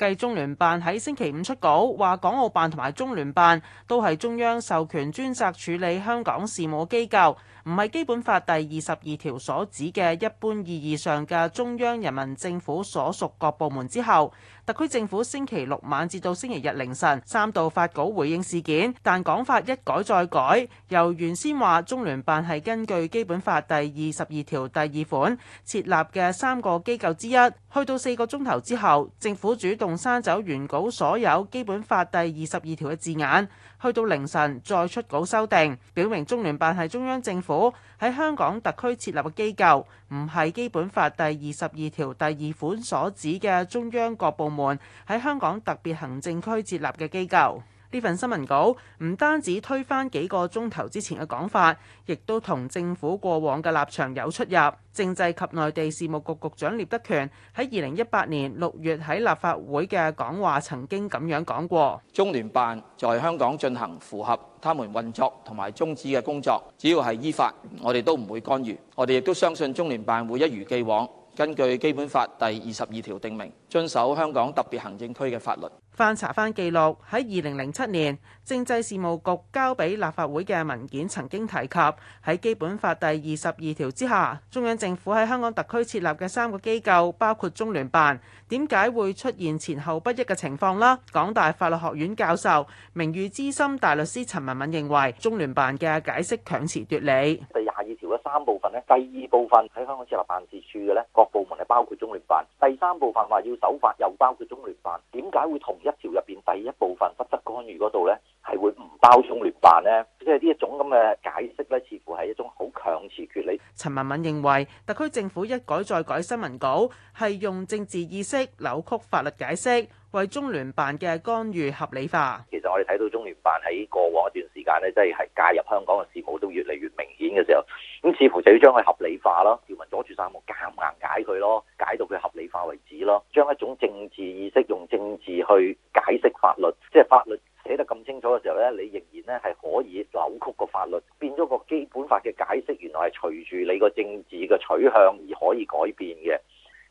繼中聯辦喺星期五出稿，話港澳辦同埋中聯辦都係中央授權專責處理香港事務機構，唔係基本法第二十二條所指嘅一般意義上嘅中央人民政府所屬各部門。之後，特區政府星期六晚至到星期日凌晨三度發稿回應事件，但講法一改再改，由原先話中聯辦係根據基本法第二十二條第二款設立嘅三個機構之一，去到四個鐘頭之後，政府主動，同刪走原稿所有《基本法》第二十二條嘅字眼，去到凌晨再出稿修訂，表明中聯辦係中央政府喺香港特區設立嘅機構，唔係《基本法》第二十二條第二款所指嘅中央各部門喺香港特別行政區設立嘅機構。呢份新聞稿唔單止推翻幾個鐘頭之前嘅講法，亦都同政府過往嘅立場有出入。政制及內地事務局局長聶德權喺二零一八年六月喺立法會嘅講話曾經咁樣講過：中聯辦在香港進行符合他們運作同埋宗旨嘅工作，只要係依法，我哋都唔會干預。我哋亦都相信中聯辦會一如既往。根據基本法第二十二條定明，遵守香港特別行政區嘅法律。翻查翻記錄，喺二零零七年政制事務局交俾立法會嘅文件曾經提及，喺基本法第二十二條之下，中央政府喺香港特區設立嘅三個機構，包括中聯辦，點解會出現前後不一嘅情況啦？港大法律學院教授、名譽資深大律師陳文敏認為，中聯辦嘅解釋強詞奪理。如三部分咧，第二部分喺香港設立辦事處嘅咧，各部門係包括中聯辦；第三部分話要守法，又包括中聯辦。點解會同一條入邊第一部分不得干預嗰度咧？包中聯辦呢，即係呢一種咁嘅解釋呢，似乎係一種好強詞奪理。陳文敏認為，特區政府一改再改新聞稿，係用政治意識扭曲法律解釋，為中聯辦嘅干預合理化。其實我哋睇到中聯辦喺過往一段時間呢，即係係介入香港嘅事務都越嚟越明顯嘅時候，咁似乎就要將佢合理化咯，條文阻住曬我，夾硬解佢咯，解到佢合理化為止咯，將一種政治意識用政治去解釋法律，即係法律。咗嘅時候咧，你仍然咧係可以扭曲個法律，變咗個基本法嘅解釋，原來係隨住你個政治嘅取向而可以改變嘅。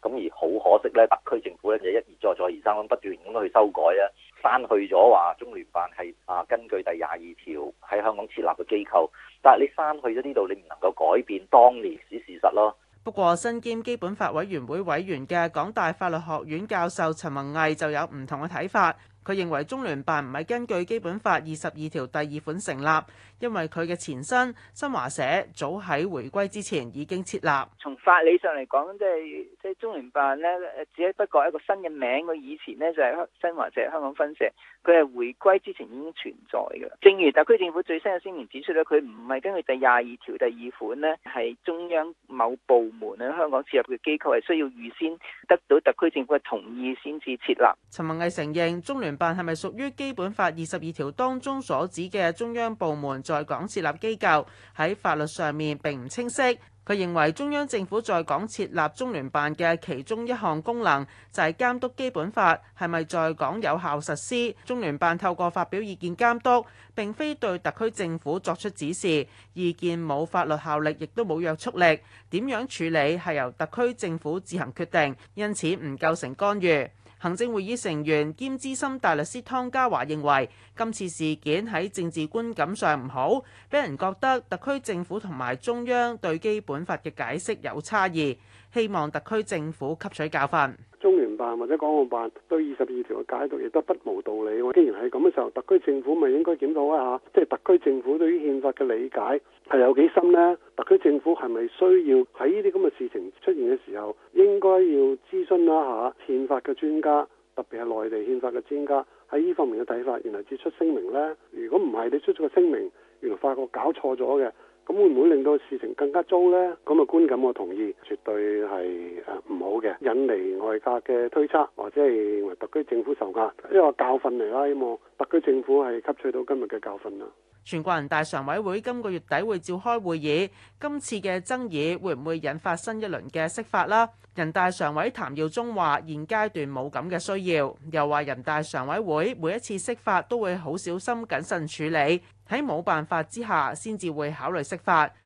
咁而好可惜咧，特區政府咧就一而再、再而三咁不斷咁去修改啊，刪去咗話中聯辦係啊根據第廿二條喺香港設立嘅機構，但係你刪去咗呢度，你唔能夠改變當年歷史事實咯。不過，身兼基本法委員會委員嘅港大法律學院教授陳弘毅就有唔同嘅睇法。佢認為中聯辦唔係根據《基本法》二十二條第二款成立，因為佢嘅前身新華社早喺回歸之前已經設立。從法理上嚟講，即係即係中聯辦呢，只不過一個新嘅名。佢以前呢，就係新華社香港分社，佢係回歸之前已經存在嘅。正如特區政府最新嘅聲明指出咧，佢唔係根據第廿二條第二款呢，係中央某部門喺香港設立嘅機構，係需要預先得到特區政府嘅同意先至設立。陳文敏承認中聯聯辦係咪屬於基本法二十二條當中所指嘅中央部門在港設立機構？喺法律上面並唔清晰。佢認為中央政府在港設立中聯辦嘅其中一項功能就係監督基本法，係咪在港有效實施？中聯辦透過發表意見監督，並非對特區政府作出指示，意見冇法律效力，亦都冇約束力。點樣處理係由特區政府自行決定，因此唔構成干預。行政會議成員兼資深大律師湯家驊認為，今次事件喺政治觀感上唔好，俾人覺得特區政府同埋中央對基本法嘅解釋有差異，希望特區政府吸取教訓。中聯辦或者港澳辦對二十二條嘅解讀亦都不無道理。我既然係咁嘅時候，特區政府咪應該檢討一下，即係特區政府對於憲法嘅理解係有幾深呢？特區政府係咪需要喺呢啲咁嘅事情出現嘅時候，應該要諮詢一下憲法嘅專家，特別係內地憲法嘅專家喺呢方面嘅睇法，然後作出聲明呢，如果唔係，你出咗個聲明，原來發覺搞錯咗嘅。咁會唔會令到事情更加糟呢？咁個觀感我同意，絕對係誒唔好嘅，引嚟外界嘅推測，或者係認為特區政府受壓，因為我教訓嚟啦，希望。特區政府係吸取到今日嘅教訓啦。全國人大常委會今個月底會召開會議，今次嘅爭議會唔會引發新一輪嘅釋法啦？人大常委譚耀宗話：現階段冇咁嘅需要，又話人大常委會每一次釋法都會好小心謹慎處理，喺冇辦法之下先至會考慮釋法。